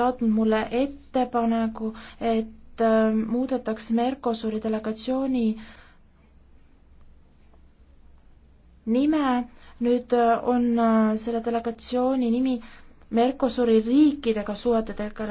saatnud mulle ettepaneku, et ähm, muudetaks Mercosuri delegatsiooni nime, nüüd äh, on äh, selle delegatsiooni nimi Mercosuri riikidega suhete